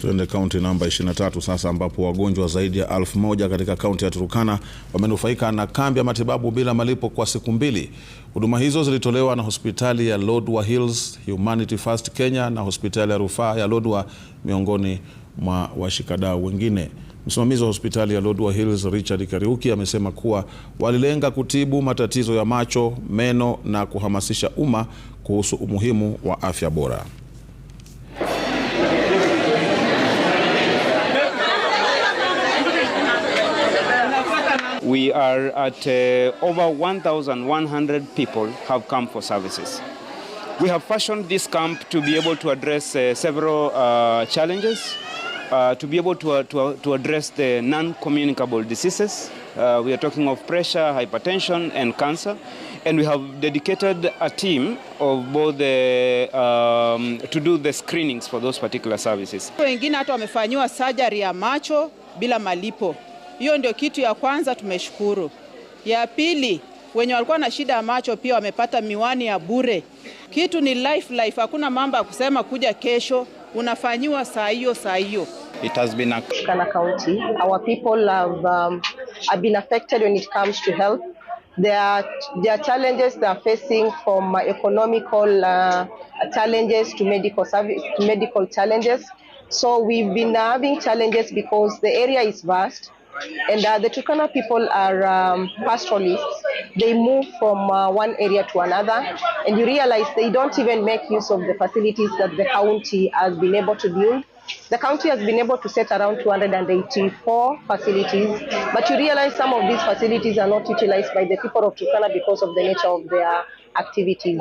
Tuende kaunti namba 23 sasa, ambapo wagonjwa zaidi ya elfu moja katika kaunti ya Turukana wamenufaika na kambi ya matibabu bila malipo kwa siku mbili. Huduma hizo zilitolewa na hospitali ya Lodwar Hills, Humanity First Kenya na hospitali ya rufaa ya Lodwar, miongoni mwa washikadau wengine. Msimamizi wa hospitali ya Lodwar Hills Richard Kariuki amesema kuwa walilenga kutibu matatizo ya macho, meno na kuhamasisha umma kuhusu umuhimu wa afya bora. we are at uh, over 1,100 people have come for services. We have fashioned this camp to be able to address uh, several uh, challenges, uh, to be able to, uh, to, to address the non-communicable diseases. Uh, we are talking of pressure, hypertension, and cancer. And we have dedicated a team of both the, um, to do the screenings for those particular services. Wengine hata wamefanyiwa surgery ya macho bila malipo. Hiyo ndio kitu ya kwanza, tumeshukuru. Ya pili, wenye walikuwa na shida ya macho pia wamepata miwani ya bure. Kitu ni life life, hakuna mambo ya kusema kuja kesho, unafanyiwa saa hiyo saa hiyo. It has been a... Kana County, our people have, um, have been affected when it comes to health. There are, there are challenges they are facing from economical uh, challenges to medical service, to medical challenges. So we've been having challenges because the area is vast. And uh, the Turkana people are um, pastoralists. They move from uh, one area to another, and you realize they don't even make use of the facilities that the county has been able to build. The county has been able to set around 284 facilities, but you realize some of these facilities are not utilized by the people of Turkana because of the nature of their activities.